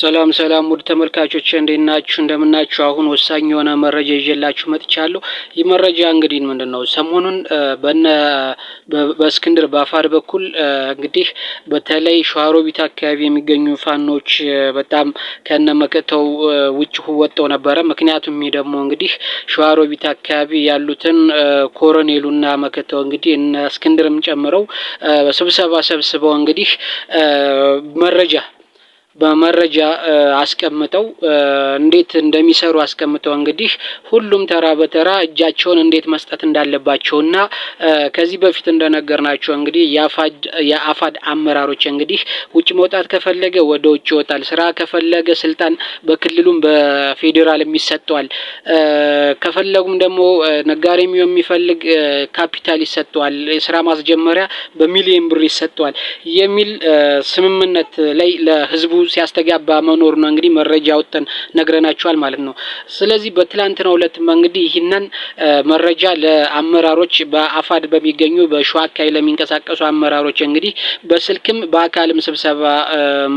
ሰላም ሰላም ውድ ተመልካቾች እንዴት ናችሁ? እንደምናችሁ። አሁን ወሳኝ የሆነ መረጃ ይዤላችሁ መጥቻለሁ። ይህ መረጃ እንግዲህ ምንድን ነው? ሰሞኑን በነ በእስክንድር በአፋር በኩል እንግዲህ በተለይ ሸዋሮቢት አካባቢ የሚገኙ ፋኖች በጣም ከነ መከተው ውጭ ወጥተው ነበረ። ምክንያቱም ይህ ደግሞ እንግዲህ ሸዋሮቢት አካባቢ ያሉትን ኮሎኔሉና መከተው እንግዲህ እነ እስክንድርም ጨምረው ስብሰባ ሰብስበው እንግዲህ መረጃ በመረጃ አስቀምጠው እንዴት እንደሚሰሩ አስቀምጠው እንግዲህ ሁሉም ተራ በተራ እጃቸውን እንዴት መስጠት እንዳለባቸውና ከዚህ በፊት እንደነገርናቸው እንግዲህ የአፋድ አመራሮች እንግዲህ ውጭ መውጣት ከፈለገ ወደ ውጭ ይወጣል። ስራ ከፈለገ ስልጣን በክልሉም በፌዴራልም ይሰጠዋል። ከፈለጉም ደግሞ ነጋዴ የሚፈልግ ካፒታል ይሰጠዋል። ስራ ማስጀመሪያ በሚሊየን ብር ይሰጠዋል የሚል ስምምነት ላይ ለህዝቡ ሲያስተጋባ መኖሩ ነው እንግዲህ መረጃ ወጥተን ነግረናቸዋል ማለት ነው። ስለዚህ በትላንትናው ዕለትም እንግዲህ ይህንን መረጃ ለአመራሮች በአፋድ በሚገኙ በሸዋ አካባቢ ለሚንቀሳቀሱ አመራሮች እንግዲህ በስልክም በአካልም ስብሰባ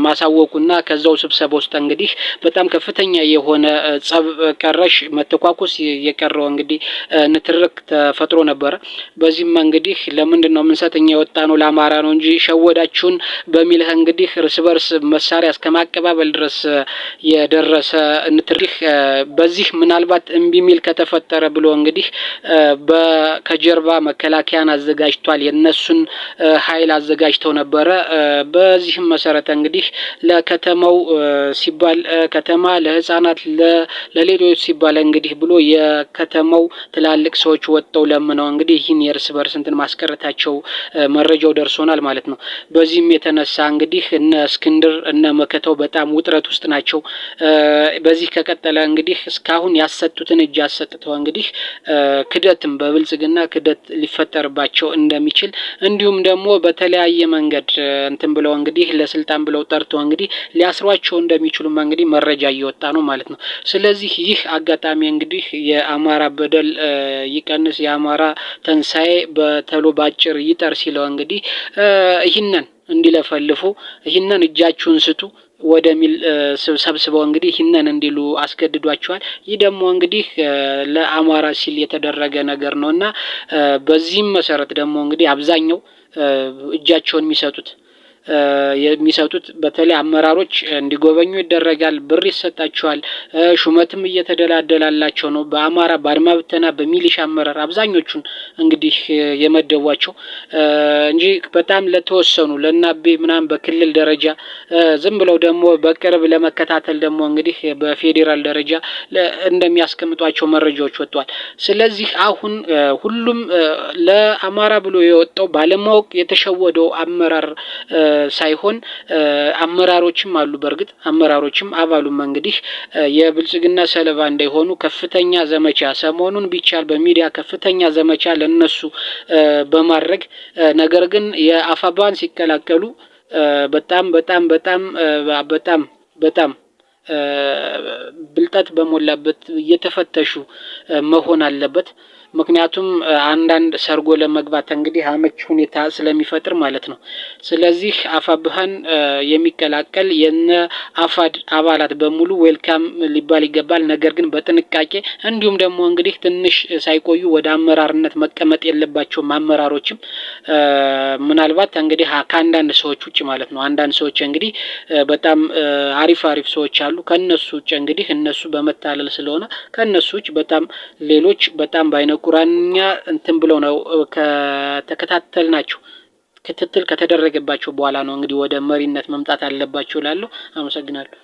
ማሳወቁና ከዛው ስብሰባ ውስጥ እንግዲህ በጣም ከፍተኛ የሆነ ጸብ ቀረሽ መተኳኮስ የቀረው እንግዲህ ንትርክ ተፈጥሮ ነበረ። በዚህም እንግዲህ ለምንድን ነው የምንሰጥ እኛ የወጣ ነው ለአማራ ነው እንጂ ሸወዳችሁን በሚልህ እንግዲህ እርስ በርስ መሳሪያ እስከ ማቀባበል ድረስ የደረሰ እንግዲህ በዚህ ምናልባት እምቢ ሚል ከተፈጠረ ብሎ እንግዲህ ከጀርባ መከላከያን አዘጋጅቷል። የነሱን ኃይል አዘጋጅተው ነበረ። በዚህም መሰረተ እንግዲህ ለከተማው ሲባል ከተማ ለህጻናት ለሌሎች ሲባል እንግዲህ ብሎ የከተማው ትላልቅ ሰዎች ወጥተው ለምነው እንግዲህ ይህን የእርስ በርስ እንትን ማስቀረታቸው መረጃው ደርሶናል ማለት ነው። በዚህም የተነሳ እንግዲህ እነ እስክንድር እነ ተመልክተው በጣም ውጥረት ውስጥ ናቸው። በዚህ ከቀጠለ እንግዲህ እስካሁን ያሰጡትን እጅ አሰጥተው እንግዲህ ክደትም በብልጽግና ክደት ሊፈጠርባቸው እንደሚችል እንዲሁም ደግሞ በተለያየ መንገድ እንትን ብለው እንግዲህ ለስልጣን ብለው ጠርቶ እንግዲህ ሊያስሯቸው እንደሚችሉም እንግዲህ መረጃ እየወጣ ነው ማለት ነው። ስለዚህ ይህ አጋጣሚ እንግዲህ የአማራ በደል ይቀንስ፣ የአማራ ተንሳኤ በተሎ ባጭር ይጠር ሲለው እንግዲህ ይህንን እንዲለፈልፉ ይህንን እጃችሁን ስጡ ወደሚል ሰብስበው እንግዲህ ይህንን እንዲሉ አስገድዷቸዋል። ይህ ደግሞ እንግዲህ ለአማራ ሲል የተደረገ ነገር ነው እና በዚህም መሰረት ደግሞ እንግዲህ አብዛኛው እጃቸውን የሚሰጡት የሚሰጡት በተለይ አመራሮች እንዲጎበኙ ይደረጋል። ብር ይሰጣቸዋል። ሹመትም እየተደላደላላቸው ነው። በአማራ በአድማ ብተና በሚሊሻ አመራር አብዛኞቹን እንግዲህ የመደቧቸው እንጂ በጣም ለተወሰኑ ለእናቤ ምናምን በክልል ደረጃ ዝም ብለው ደግሞ በቅርብ ለመከታተል ደግሞ እንግዲህ በፌዴራል ደረጃ እንደሚያስቀምጧቸው መረጃዎች ወጥቷል። ስለዚህ አሁን ሁሉም ለአማራ ብሎ የወጣው ባለማወቅ የተሸወደው አመራር ሳይሆን አመራሮችም አሉ። በእርግጥ አመራሮችም አባሉም እንግዲህ የብልጽግና ሰለባ እንዳይሆኑ ከፍተኛ ዘመቻ ሰሞኑን ቢቻል በሚዲያ ከፍተኛ ዘመቻ ለነሱ በማድረግ ነገር ግን የአፋባን ሲቀላቀሉ በጣም በጣም በጣም በጣም በጣም ብልጠት በሞላበት እየተፈተሹ መሆን አለበት። ምክንያቱም አንዳንድ ሰርጎ ለመግባት እንግዲህ አመች ሁኔታ ስለሚፈጥር ማለት ነው። ስለዚህ አፋብኃን የሚቀላቀል የነ አፋድ አባላት በሙሉ ዌልካም ሊባል ይገባል። ነገር ግን በጥንቃቄ እንዲሁም ደግሞ እንግዲህ ትንሽ ሳይቆዩ ወደ አመራርነት መቀመጥ የለባቸውም። አመራሮችም ምናልባት እንግዲህ ከአንዳንድ ሰዎች ውጭ ማለት ነው። አንዳንድ ሰዎች እንግዲህ በጣም አሪፍ አሪፍ ሰዎች አሉ። ከነሱ ውጭ እንግዲህ እነሱ በመታለል ስለሆነ ከነሱ ውጭ በጣም ሌሎች በጣም ባይነቁ ቁራኛ እንትን ብለው ነው ከተከታተል ናቸው ክትትል ከተደረገባቸው በኋላ ነው እንግዲህ ወደ መሪነት መምጣት አለባቸው እላለሁ። አመሰግናለሁ።